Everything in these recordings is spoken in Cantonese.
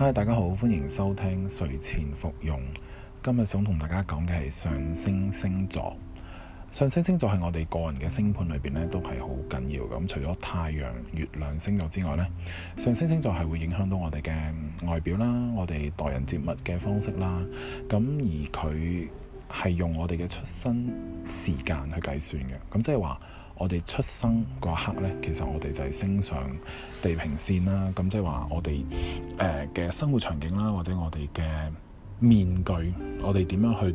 嗨，Hi, 大家好，歡迎收聽睡前服用。今日想同大家講嘅係上升星座。上升星座係我哋個人嘅星盤裏邊咧，都係好緊要。咁除咗太陽、月亮星座之外咧，上升星座係會影響到我哋嘅外表啦，我哋待人接物嘅方式啦。咁而佢係用我哋嘅出生時間去計算嘅。咁即係話。我哋出生嗰刻呢，其實我哋就係升上地平線啦。咁即係話，我哋嘅生活場景啦，或者我哋嘅面具，我哋點樣去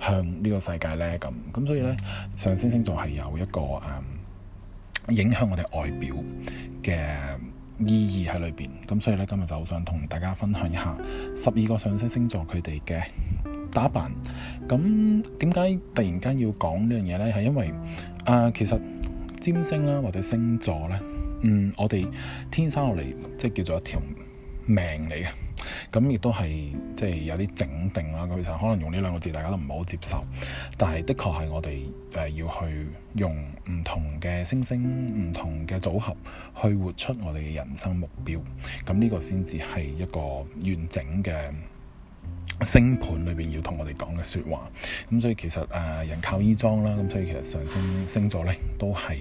向呢個世界呢？咁咁，所以呢，上升星座係有一個誒、呃、影響我哋外表嘅意義喺裏邊。咁所以呢，今日就好想同大家分享一下十二個上升星座佢哋嘅打扮。咁點解突然間要講呢樣嘢呢？係因為。啊，uh, 其實占星啦、啊，或者星座咧，嗯，我哋天生落嚟即係叫做一條命嚟嘅，咁亦都係即係有啲整定啦、啊。其實可能用呢兩個字，大家都唔係好接受，但係的確係我哋誒、呃、要去用唔同嘅星星、唔同嘅組合去活出我哋嘅人生目標，咁呢個先至係一個完整嘅。星盤裏邊要同我哋講嘅說話，咁所以其實誒、呃、人靠衣裝啦，咁所以其實上升星座咧都係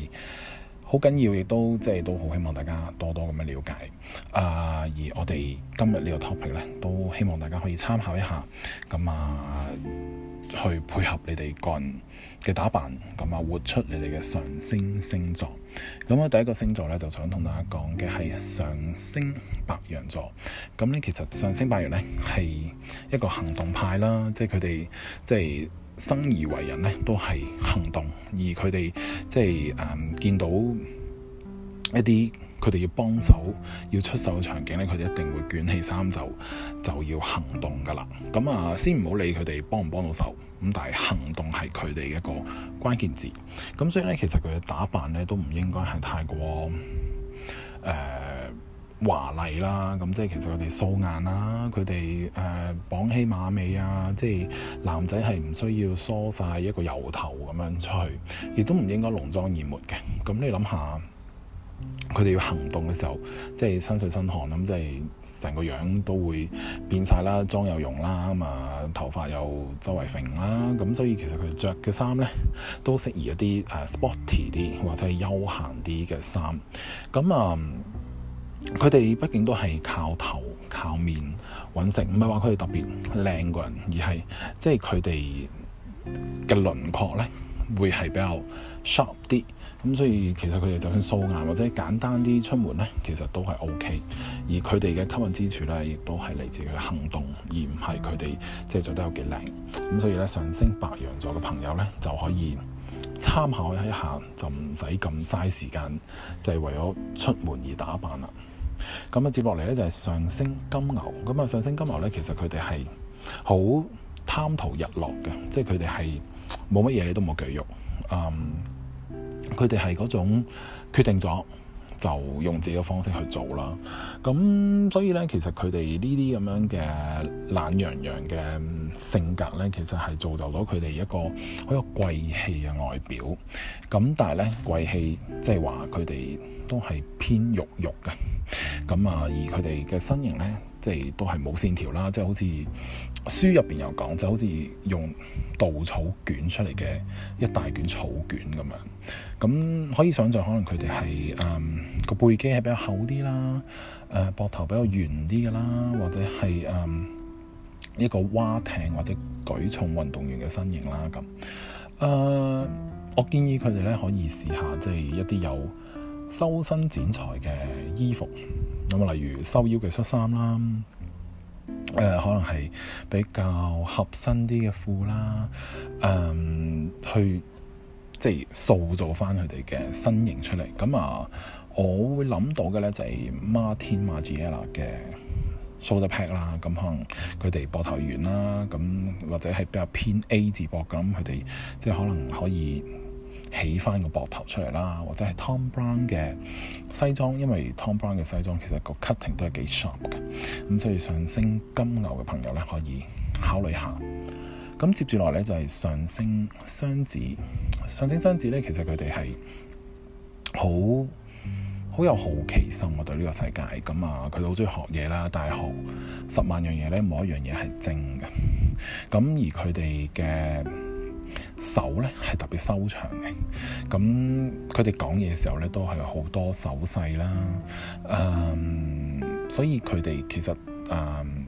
好緊要，亦都即係都好希望大家多多咁樣了解。啊、uh，而我哋今日呢個 topic 咧，都希望大家可以參考一下，咁啊，去配合你哋個人嘅打扮，咁啊，活出你哋嘅上升星座。咁啊，第一個星座咧，就想同大家講嘅係上升白羊座。咁咧，其實上升白羊咧係一個行動派啦，即係佢哋即係。生而為人咧，都係行動，而佢哋即係誒、嗯、見到一啲佢哋要幫手、要出手嘅場景咧，佢哋一定會捲起衫袖，就要行動噶啦。咁啊，先唔好理佢哋幫唔幫到手，咁但係行動係佢哋一個關鍵字。咁所以咧，其實佢嘅打扮咧都唔應該係太過誒。呃華麗啦，咁即係其實佢哋素顏啦，佢哋誒綁起馬尾啊，即係男仔係唔需要梳晒一個油頭咁樣出去，亦都唔應該濃妝豔抹嘅。咁你諗下，佢哋要行動嘅時候，即係身水身汗，咁即係成個樣都會變晒啦，妝又溶啦，咁啊頭髮又周圍揈啦，咁所以其實佢着嘅衫咧都適宜一啲誒、呃、sporty 啲或者係休閒啲嘅衫，咁啊。呃佢哋畢竟都係靠頭靠面揾食，唔係話佢哋特別靚個人，而係即係佢哋嘅輪廓咧會係比較 sharp 啲，咁所以其實佢哋就算素顏或者簡單啲出門咧，其實都係 OK。而佢哋嘅吸引之處咧，亦都係嚟自佢嘅行動，而唔係佢哋即係做得有幾靚。咁所以咧，上升白羊座嘅朋友咧就可以參考一下，就唔使咁嘥時間，就係、是、為咗出門而打扮啦。咁啊，接落嚟咧就係上升金牛，咁啊上升金牛咧，其實佢哋係好貪圖日落嘅，即係佢哋係冇乜嘢你都冇繼續，嗯，佢哋係嗰種決定咗，就用自己嘅方式去做啦。咁所以咧，其實佢哋呢啲咁樣嘅懶洋洋嘅性格咧，其實係造就咗佢哋一個好有貴氣嘅外表。咁但係咧，貴氣即係話佢哋都係偏肉肉嘅。咁啊，而佢哋嘅身形咧。即係都係冇線條啦，即係好似書入邊有講，就好似用稻草捲出嚟嘅一大卷草卷咁樣。咁可以想像，可能佢哋係誒個背肌係比較厚啲啦，誒、呃、膊頭比較圓啲嘅啦，或者係誒、呃、一個蛙艇或者舉重運動員嘅身形啦咁。誒、呃，我建議佢哋咧可以試下，即係一啲有修身剪裁嘅衣服。咁例如收腰嘅恤衫啦，誒、呃、可能係比較合身啲嘅褲啦，誒、呃、去即係塑造翻佢哋嘅身形出嚟。咁啊，我會諗到嘅咧就係 Martin Margiela 嘅 Shoulder Pad 啦。咁可能佢哋膊頭圓啦，咁或者係比較偏 A 字膊咁，佢哋即係可能可以，起翻個膊頭出嚟啦，或者係 Tom Brown 嘅西裝，因為 Tom Brown 嘅西裝其實個 cutting 都係幾 sharp 嘅，咁所以上升金牛嘅朋友咧，可以考慮下。咁接住落嚟咧就係、是、上升雙子，上升雙子咧其實佢哋係好好有好奇心啊，對呢個世界咁啊，佢好中意學嘢啦，但係學十萬樣嘢咧冇一樣嘢係正嘅，咁而佢哋嘅。手咧係特別修長嘅，咁佢哋講嘢嘅時候咧都係好多手勢啦，嗯，所以佢哋其實誒、嗯、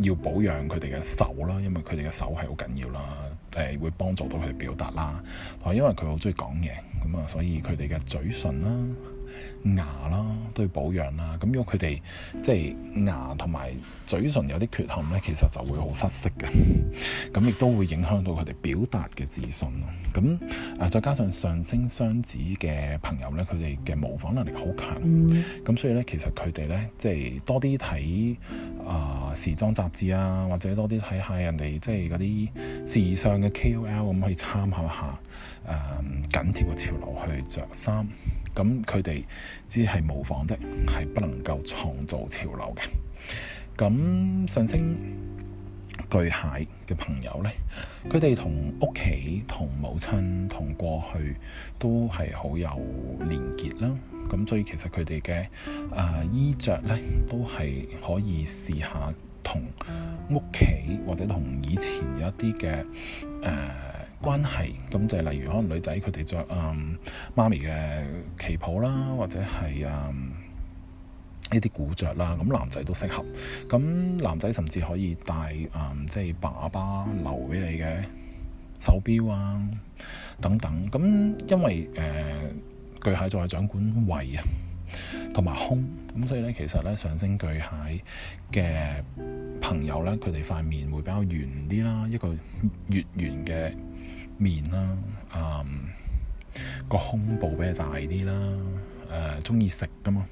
要保養佢哋嘅手，手啦，因為佢哋嘅手係好緊要啦，誒會幫助到佢哋表達啦，啊，因為佢好中意講嘢，咁啊，所以佢哋嘅嘴唇啦。牙啦都要保養啦，咁如果佢哋即係牙同埋嘴唇有啲缺陷咧，其實就會好失色嘅，咁 亦都會影響到佢哋表達嘅自信咯。咁啊，再加上上升雙子嘅朋友咧，佢哋嘅模仿能力好強，咁、mm hmm. 所以咧，其實佢哋咧即係多啲睇啊時裝雜誌啊，或者多啲睇下人哋即係嗰啲時尚嘅 K O L 咁，去參考下誒緊貼個潮流去着衫。咁佢哋只係模仿啫，係不能夠創造潮流嘅。咁 上升巨蟹嘅朋友呢，佢哋同屋企、同母親、同過去都係好有連結啦。咁所以其實佢哋嘅誒衣着呢，都係可以試下同屋企或者同以前有一啲嘅關係，咁就係，例如可能女仔佢哋着嗯媽咪嘅旗袍啦，或者係嗯一啲古着啦，咁、嗯、男仔都適合。咁、嗯、男仔甚至可以帶嗯即係爸爸留俾你嘅手錶啊等等。咁、嗯、因為誒、呃、巨蟹座係掌管胃啊同埋胸，咁、嗯、所以咧其實咧上升巨蟹嘅朋友咧，佢哋塊面會比較圓啲啦，一個月圓嘅。面啦、啊，嗯，個胸部比較大啲啦、啊，誒、呃，中意食噶嘛，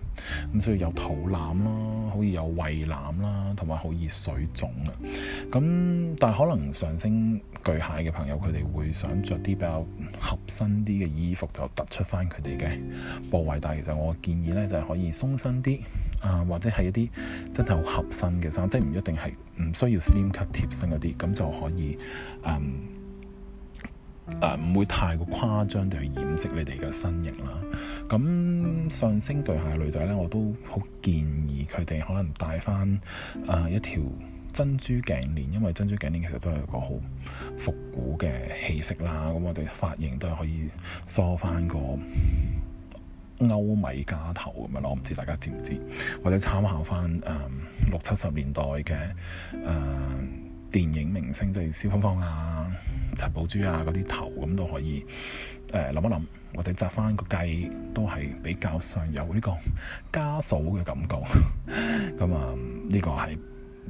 咁所以有肚腩啦、啊，好易有胃腩啦、啊，同埋好易水腫啊。咁但係可能上升巨蟹嘅朋友佢哋會想着啲比較合身啲嘅衣服，就突出翻佢哋嘅部位。但係其實我建議咧就係、是、可以鬆身啲，啊、呃，或者係一啲真係好合身嘅衫，即係唔一定係唔需要 slim cut 貼身嗰啲，咁就可以，嗯、呃。誒唔、啊、會太過誇張地去掩飾你哋嘅身形啦。咁上升巨蟹女仔呢，我都好建議佢哋可能戴翻誒一條珍珠頸鏈，因為珍珠頸鏈其實都係一個好復古嘅氣息啦。咁我哋髮型都係可以梳翻個歐米加頭咁樣咯。我唔知大家知唔知，或者參考翻誒六七十年代嘅誒。啊電影明星即係蕭芳芳啊、陳寶珠啊嗰啲頭咁都可以誒諗、呃、一諗，或者紮翻個髻都係比較上有呢個家嫂嘅感覺。咁 啊、嗯，呢、這個係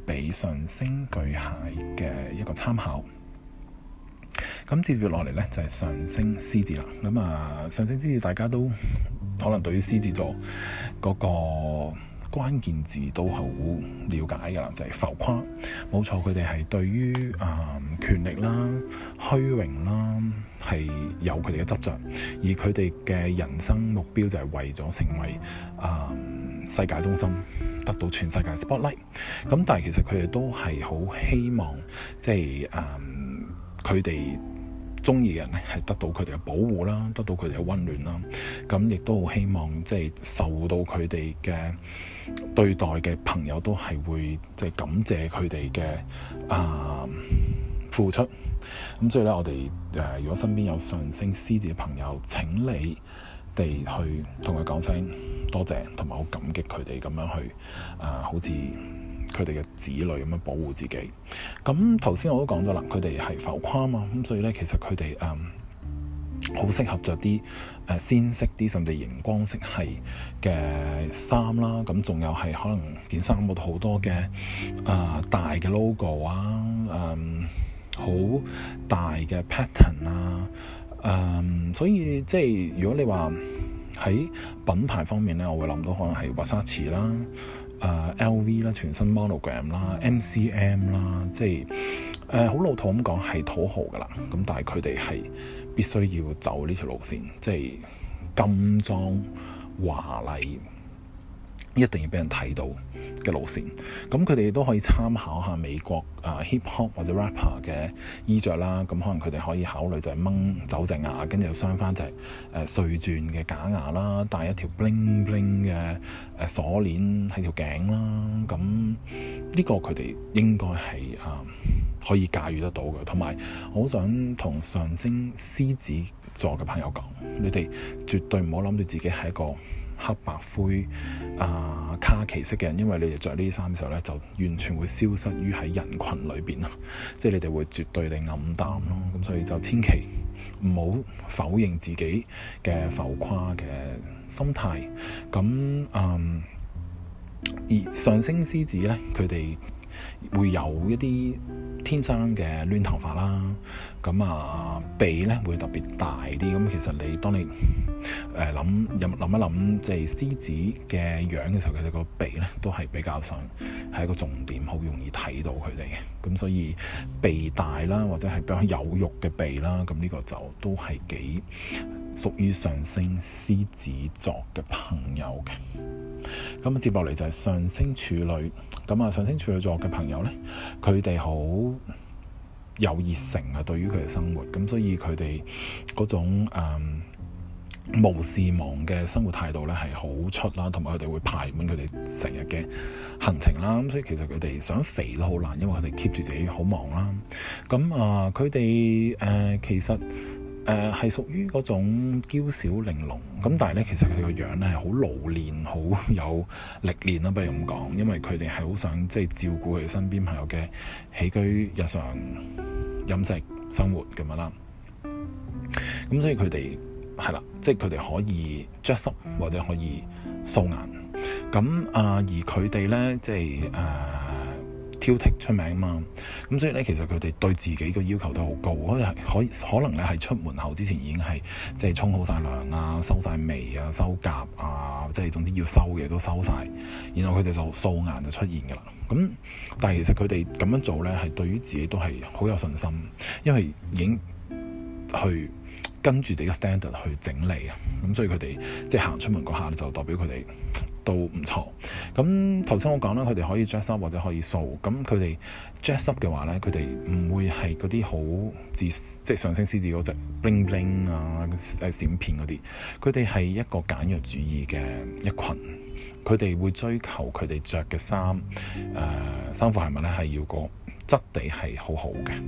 畀上升巨蟹嘅一個參考。咁接住落嚟呢，就係、是、上升獅子啦。咁啊，上升獅子大家都可能對於獅子座嗰、那個。關鍵字都好了解㗎啦，就係、是、浮誇，冇錯，佢哋係對於啊、嗯、權力啦、虛榮啦係有佢哋嘅執着。而佢哋嘅人生目標就係為咗成為啊、嗯、世界中心，得到全世界 spotlight。咁但係其實佢哋都係好希望，即係啊佢哋。嗯中意嘅人咧，係得到佢哋嘅保護啦，得到佢哋嘅溫暖啦，咁亦都好希望即係受到佢哋嘅對待嘅朋友都係會即係感謝佢哋嘅啊付出。咁所以咧，我哋誒、呃、如果身邊有上升獅子嘅朋友，請你哋去同佢講聲多謝，同埋好感激佢哋咁樣去啊、呃，好似。佢哋嘅子女咁樣保護自己，咁頭先我都講咗啦，佢哋係浮誇啊嘛，咁所以咧，其實佢哋誒好適合着啲誒鮮色啲甚至係熒光色係嘅衫啦，咁、嗯、仲有係可能件衫度好多嘅誒、呃、大嘅 logo 啊，誒、嗯、好大嘅 pattern 啊，誒、嗯、所以即係如果你話喺品牌方面咧，我會諗到可能係 Versace 啦。誒 LV 啦，全新 Monogram 啦，啊，MCM 啦，啊，即係誒好老土咁講係土豪噶啦，咁但係佢哋係必須要走呢條路線，即係金裝華麗。一定要俾人睇到嘅路線，咁佢哋都可以參考下美國啊 hip hop 或者 rapper 嘅衣着啦，咁可能佢哋可以考慮就係掹走隻牙，跟住又鑲翻隻誒碎鑽嘅假牙啦，戴一條 bling bling 嘅誒鎖鏈喺條頸啦，咁呢個佢哋應該係啊可以駕馭得到嘅。同埋我好想同上升獅子座嘅朋友講，你哋絕對唔好諗住自己係一個。黑白灰啊、呃、卡其色嘅人，因為你哋着呢啲衫嘅時候咧，就完全會消失於喺人群裏邊啊！即係你哋會絕對地暗淡咯，咁所以就千祈唔好否認自己嘅浮誇嘅心態。咁嗯，而上升獅子咧，佢哋。會有一啲天生嘅攣頭髮啦，咁啊鼻呢會特別大啲，咁其實你當你誒諗諗一諗即係獅子嘅樣嘅時候，其實個鼻呢都係比較上係一個重點，好容易睇到佢哋嘅，咁所以鼻大啦，或者係比較有肉嘅鼻啦，咁呢個就都係幾。屬於上升獅子座嘅朋友嘅，咁接落嚟就係上升處女，咁啊上升處女座嘅朋友呢，佢哋好有熱誠啊，對於佢嘅生活，咁所以佢哋嗰種誒、呃、無事忙嘅生活態度呢係好出啦，同埋佢哋會排滿佢哋成日嘅行程啦，咁所以其實佢哋想肥都好難，因為佢哋 keep 住自己好忙啦，咁啊佢哋誒其實。誒，係、呃、屬於嗰種嬌小玲瓏咁，但係咧，其實佢個樣咧係好老練，好有歷練啦。不如咁講，因為佢哋係好想即係照顧佢身邊朋友嘅起居、日常飲食、生活咁樣啦。咁所以佢哋係啦，即係佢哋可以着濕或者可以素顏咁啊。而佢哋咧，即係誒。呃挑剔出名嘛，咁所以咧，其實佢哋對自己個要求都好高，可可，可能咧係出門口之前已經係即係沖好晒涼啊，收晒眉啊，收甲啊，即係總之要收嘅都收晒。然後佢哋就素顏就出現噶啦。咁但係其實佢哋咁樣做咧，係對於自己都係好有信心，因為已經去跟住自己嘅 standard 去整理啊。咁所以佢哋即係行出門嗰下咧，就代表佢哋。都唔錯，咁頭先我講啦，佢哋可以 dress up 或者可以掃，咁佢哋 dress up 嘅話呢，佢哋唔會係嗰啲好字，即係上升獅子嗰隻 bling bling 啊，誒閃片嗰啲，佢哋係一個簡約主義嘅一群，佢哋會追求佢哋着嘅衫，誒衫褲係咪呢係要個質地係好好嘅，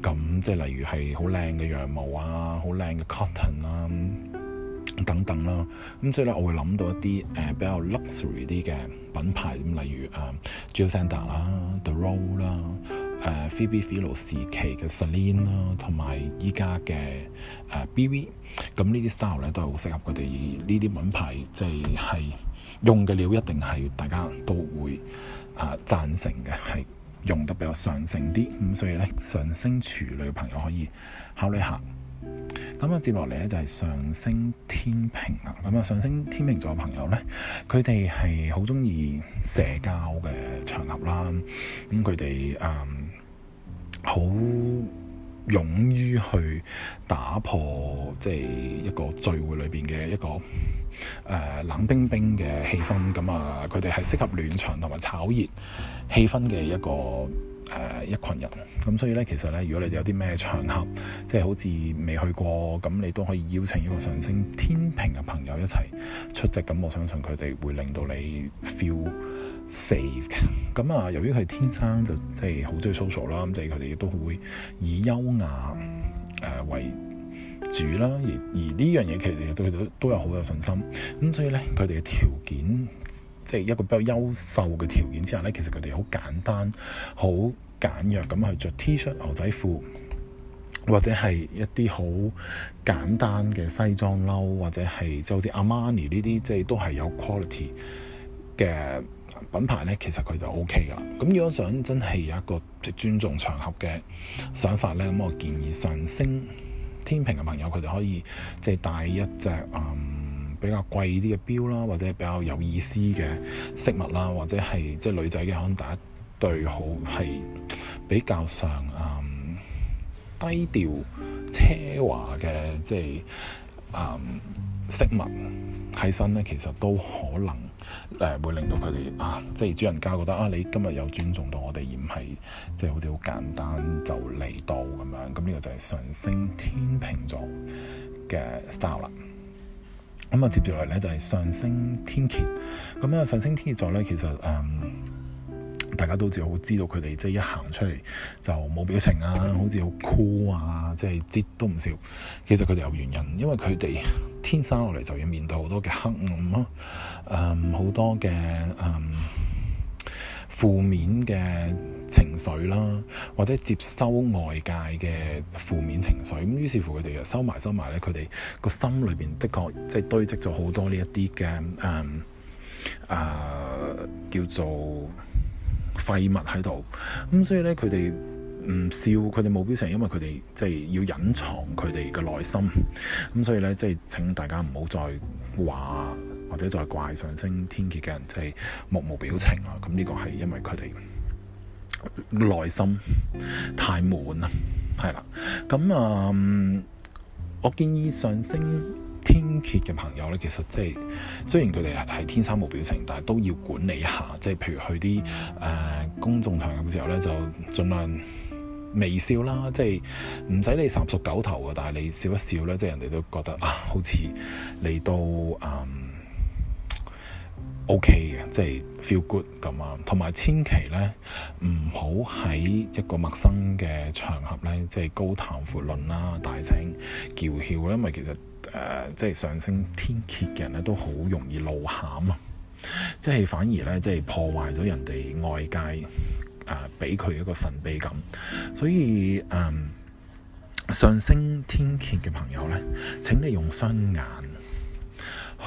咁即係例如係好靚嘅羊毛啊，好靚嘅 cotton 啊。等等啦，咁所以咧，我會諗到一啲誒、呃、比較 luxury 啲嘅品牌，咁例如誒 Jil Sander 啦、The Row 啦、誒、呃、Phoebe Philo 時期嘅 Celine 啦，同埋依家嘅誒 BV，咁呢啲 style 咧都係好適合佢哋呢啲品牌，即係係用嘅料一定係大家都會啊、呃、贊成嘅，係用得比較上乘啲，咁所以咧上升處女嘅朋友可以考慮下。咁啊，接落嚟咧就係上升天秤啦。咁啊，上升天秤座嘅朋友咧，佢哋係好中意社交嘅場合啦。咁佢哋誒好勇於去打破即係一個聚會裏邊嘅一個誒冷冰冰嘅氣氛。咁啊，佢哋係適合暖場同埋炒熱氣氛嘅一個。誒、uh, 一群人，咁所以咧，其實咧，如果你哋有啲咩場合，即係好似未去過，咁你都可以邀請一個上升天平嘅朋友一齊出席，咁我相信佢哋會令到你 feel safe。咁啊，由於佢天生就即係好中意 social 啦，咁即係佢哋亦都會以優雅誒為主啦。而而呢樣嘢其實對佢哋都有好有多信心。咁所以咧，佢哋嘅條件。即係一個比較優秀嘅條件之下咧，其實佢哋好簡單、好簡約咁去着 T 恤、牛仔褲，或者係一啲好簡單嘅西裝褸，或者係就好似阿瑪尼呢啲，即係都係有 quality 嘅品牌咧。其實佢就 OK 噶啦。咁如果想真係有一個即尊重場合嘅想法咧，咁我建議上升天平嘅朋友，佢哋可以即係戴一隻嗯、比較貴啲嘅表啦，或者比較有意思嘅飾物啦，或者係即係女仔嘅可能第一對好係比較上、嗯、低調奢華嘅即係、嗯、飾物喺身咧，其實都可能誒、呃、會令到佢哋啊，即係主人家覺得啊，你今日有尊重到我哋，而唔係即係好似好簡單就嚟到咁樣。咁呢個就係上升天秤座嘅 style 啦。咁啊，接住落嚟咧就係上升天蠍。咁啊，上升天蠍座咧，其實誒、嗯，大家都知好知道佢哋即係一行出嚟就冇表情啊，好似好酷啊，即係啲都唔笑。其實佢哋有原因，因為佢哋天生落嚟就要面對好多嘅黑暗啊，誒、嗯，好多嘅誒、嗯、負面嘅。情緒啦，或者接收外界嘅負面情緒，咁於是乎佢哋又收埋收埋咧，佢哋個心裏邊的確即係堆積咗好多呢一啲嘅嗯啊叫做廢物喺度，咁所以咧佢哋唔笑，佢哋冇表情，因為佢哋即係要隱藏佢哋嘅內心，咁所以咧即係請大家唔好再話或者再怪上升天蠍嘅人即係、就是、目無表情咯，咁呢個係因為佢哋。內心太滿啦，係啦，咁啊、嗯，我建議上升天蠍嘅朋友咧，其實即係雖然佢哋係天生冇表情，但係都要管理一下，即係譬如去啲誒、呃、公眾場合嘅時候咧，就盡量微笑啦，即係唔使你十熟九頭嘅，但係你笑一笑咧，即係人哋都覺得啊，好似你都啊。嗯 O K 嘅，即係、okay, feel good 咁、exactly. 啊！同埋千祈咧，唔好喺一個陌生嘅場合咧，即係高談闊論啦、大聲叫囂啦，因為其實誒，即係上升天蠍嘅人咧，都好容易露餡啊！即係反而咧，即係破壞咗人哋外界誒，俾佢一個神秘感。所以誒，上升天蠍嘅朋友咧，請你用雙眼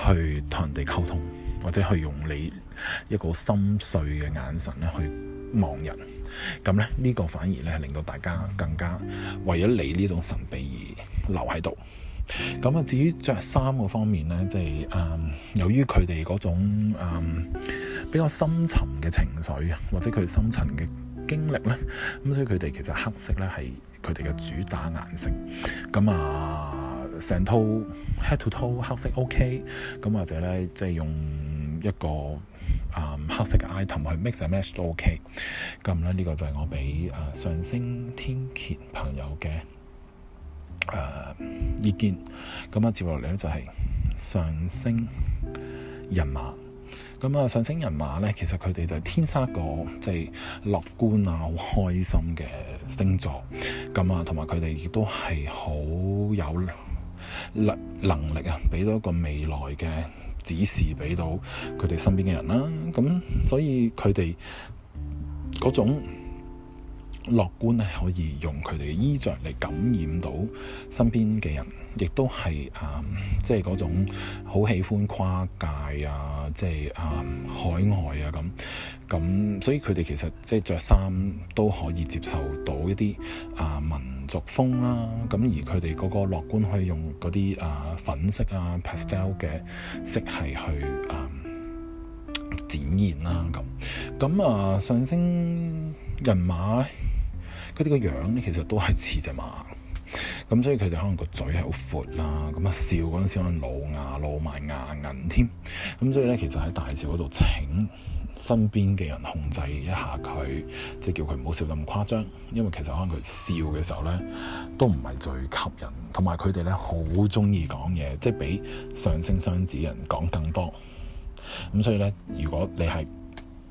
去同人哋溝通。或者去用你一個深邃嘅眼神咧去望人，咁咧，呢個反而咧令到大家更加為咗你呢種神秘而留喺度。咁啊，至於着衫個方面咧，即係誒，由於佢哋嗰種、嗯、比較深沉嘅情緒，或者佢深沉嘅經歷咧，咁所以佢哋其實黑色咧係佢哋嘅主打顏色。咁啊～成套 head to toe 黑色 OK，咁或者咧即係用一個啊、嗯、黑色嘅 item 去 mix and match 都 OK。咁咧呢個就係我俾啊、呃、上升天蠍朋友嘅誒、呃、意見。咁啊，接落嚟咧就係、是、上升人馬，咁啊上升人馬咧，其實佢哋就係天生個即係樂觀啊，好開心嘅星座。咁啊，同埋佢哋亦都係好有。能能力啊，畀到一個未來嘅指示，畀到佢哋身邊嘅人啦。咁所以佢哋嗰種樂觀係可以用佢哋嘅衣着嚟感染到身邊嘅人，亦都係啊、嗯，即係嗰種好喜歡跨界啊，即係啊、嗯、海外啊咁咁，所以佢哋其實即係著衫都可以接受到一啲啊民族風啦、啊，咁而佢哋嗰個樂觀可以用嗰啲啊粉色啊 pastel 嘅色系去啊、嗯、展現啦、啊、咁，咁啊上升。人馬咧，佢哋個樣咧，其實都係似隻馬，咁所以佢哋可能個嘴係好闊啦，咁啊笑嗰陣時可能露牙露埋牙銀添，咁所以咧其實喺大笑嗰度請身邊嘅人控制一下佢，即係叫佢唔好笑得咁誇張，因為其實可能佢笑嘅時候咧都唔係最吸引，同埋佢哋咧好中意講嘢，即係比上升雙子人講更多，咁所以咧如果你係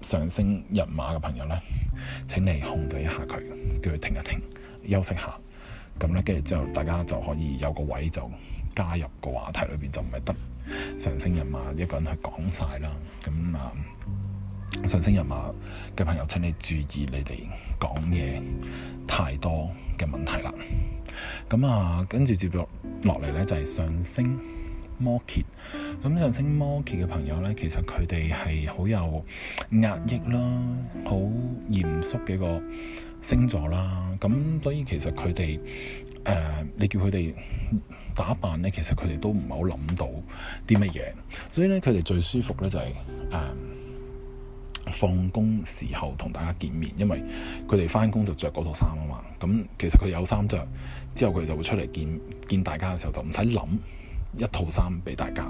上升人馬嘅朋友呢，請你控制一下佢，叫佢停一停，休息下。咁呢，跟住之後，大家就可以有個位就加入個話題裏邊，就唔係得上升人馬一個人去講晒啦。咁啊，上升人馬嘅朋友，請你注意你哋講嘢太多嘅問題啦。咁啊，跟住接落落嚟呢，就係、是、上升。摩羯，咁上升摩羯嘅朋友呢，其實佢哋係好有壓抑啦，好嚴肅嘅一個星座啦，咁所以其實佢哋誒，你叫佢哋打扮呢，其實佢哋都唔係好諗到啲乜嘢，所以呢，佢哋最舒服呢就係誒，放工時候同大家見面，因為佢哋翻工就着嗰套衫啊嘛，咁其實佢有衫着之後，佢哋就會出嚟見見大家嘅時候就唔使諗。一套衫俾大家，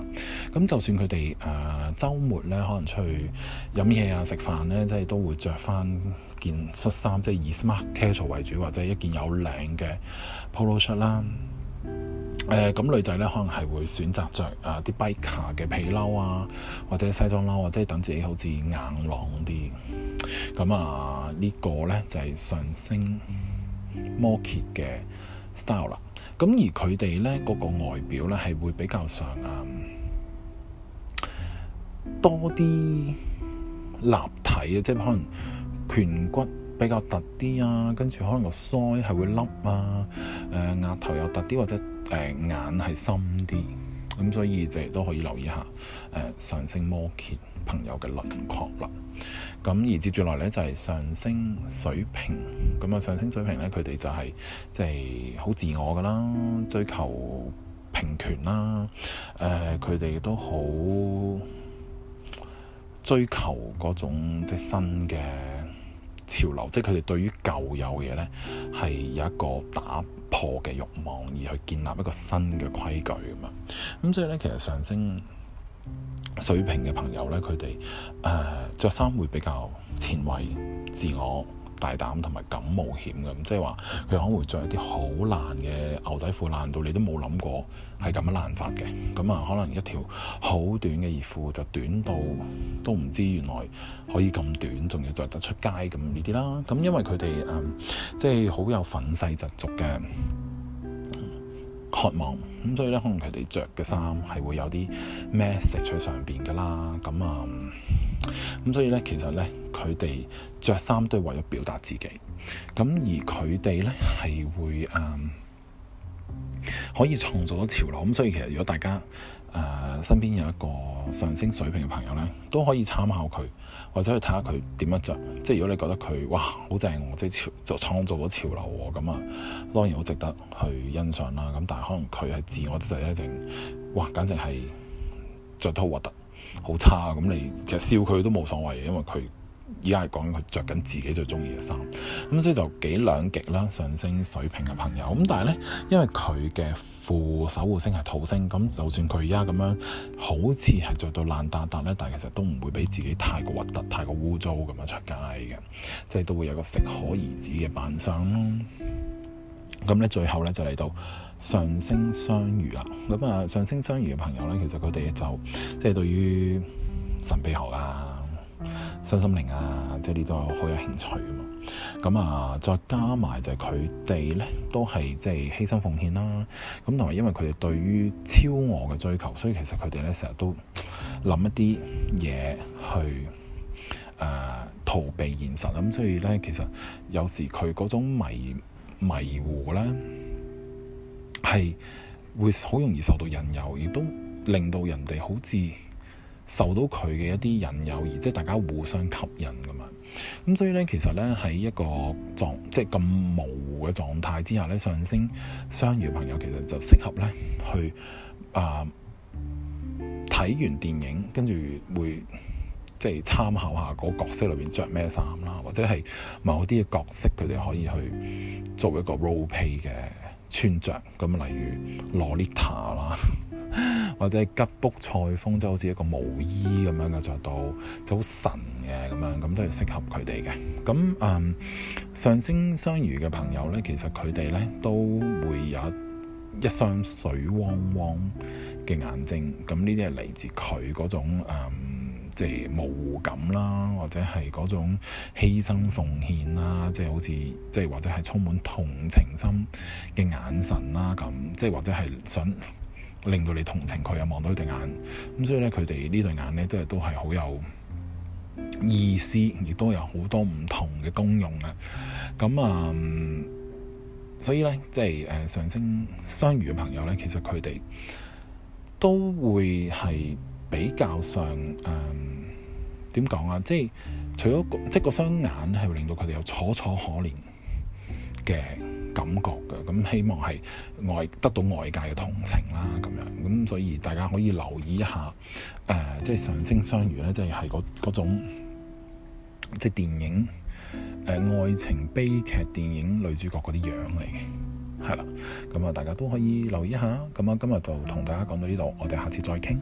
咁就算佢哋誒週末咧，可能出去飲嘢啊、食飯咧，即係都會着翻件恤衫，即係以 smart casual 為主，或者一件有領嘅 polo shirt 啦。誒、呃，咁女仔咧，可能係會選擇着誒啲、呃、biker 嘅皮褸啊，或者西裝褸或者等自己好似硬朗啲。咁啊，呃這個、呢個咧就係、是、上升摩羯嘅。style 啦，咁而佢哋咧嗰個外表咧係會比較上誒多啲立體啊，即係可能顴骨比較凸啲啊，跟住可能個腮係會凹啊，誒、呃、額頭又凸啲或者誒、呃、眼係深啲，咁所以就都可以留意下誒、呃、上升摩羯朋友嘅輪廓啦，咁而接住落嚟咧就係上升水瓶，咁啊上升水瓶咧佢哋就係即係好自我噶啦，追求平權啦，誒佢哋都好追求嗰種即係新嘅潮流，即係佢哋對於舊有嘢咧係有一個打破嘅慾望，而去建立一個新嘅規矩咁嘛，咁所以咧其實上升。水瓶嘅朋友呢，佢哋，誒着衫會比較前衛、自我、大膽同埋敢冒險嘅，即係話佢可能會着一啲好爛嘅牛仔褲，爛到你都冇諗過係咁樣爛法嘅。咁啊，可能一條好短嘅熱褲就短到都唔知原來可以咁短，仲要着得出街咁呢啲啦。咁因為佢哋、呃、即係好有憤世疾俗嘅。渴望咁，所以咧可能佢哋着嘅衫係會有啲 message 喺上邊㗎啦，咁、嗯、啊，咁、嗯、所以咧其實咧佢哋着衫都係為咗表達自己，咁、嗯、而佢哋咧係會誒。嗯可以創造到潮流，咁所以其實如果大家誒、呃、身邊有一個上升水瓶嘅朋友咧，都可以參考佢或者去睇下佢點樣着，即係如果你覺得佢哇，好正喎，即係潮就創造咗潮流喎，咁啊，當然好值得去欣賞啦。咁但係可能佢係自我都就一陣哇，簡直係着得好核突，好差，咁你其實笑佢都冇所謂嘅，因為佢。而家係講緊佢着緊自己最中意嘅衫，咁所以就幾兩極啦。上升水瓶嘅朋友，咁但係咧，因為佢嘅副守護星係土星，咁就算佢而家咁樣好似係着到爛搭搭咧，但係其實都唔會俾自己太過核突、太過污糟咁樣出街嘅，即係都會有個適可而止嘅扮相咯。咁咧，最後咧就嚟到上升雙魚啦。咁啊，上升雙魚嘅朋友咧，其實佢哋就即係對於神秘學啊。身心靈啊，即係呢度好有興趣啊嘛。咁啊，再加埋就係佢哋咧，都係即係犧牲奉獻啦。咁同埋，因為佢哋對於超我嘅追求，所以其實佢哋咧成日都諗一啲嘢去誒、呃、逃避現實。咁、嗯、所以咧，其實有時佢嗰種迷迷糊咧，係會好容易受到引誘，亦都令到人哋好似。受到佢嘅一啲引誘，而即係大家互相吸引㗎嘛，咁所以咧，其實咧喺一個狀即係咁模糊嘅狀態之下咧，上升雙魚嘅朋友其實就適合咧去啊呃、睇完電影，跟住會即係參考下嗰個角色裏邊着咩衫啦，或者係某啲嘅角色佢哋可以去做一個 role play 嘅穿着，咁例如 Lolita 啦。 或者吉卜賽風，就好似一個毛衣咁樣嘅著到，就好神嘅咁樣，咁都係適合佢哋嘅。咁嗯，上升雙魚嘅朋友咧，其實佢哋咧都會有一雙水汪汪嘅眼睛。咁呢啲係嚟自佢嗰種即係無感啦，或者係嗰種犧牲奉獻啦，即係好似即係或者係充滿同情心嘅眼神啦，咁即係或者係想。令到你同情佢又望到呢對眼，咁所以咧，佢哋呢對眼咧，即係都係好有意思，亦都有好多唔同嘅功用啊。咁啊、嗯，所以咧，即係誒上升雙魚嘅朋友咧，其實佢哋都會係比較上誒，點講啊？即係除咗即個雙眼係會令到佢哋有楚楚可憐嘅感覺。咁希望係外得到外界嘅同情啦，咁樣咁所以大家可以留意一下，誒即係《上升雙魚》咧，即係係嗰種即係電影誒、呃、愛情悲劇電影女主角嗰啲樣嚟嘅，係啦，咁啊大家都可以留意一下，咁啊今日就同大家講到呢度，我哋下次再傾。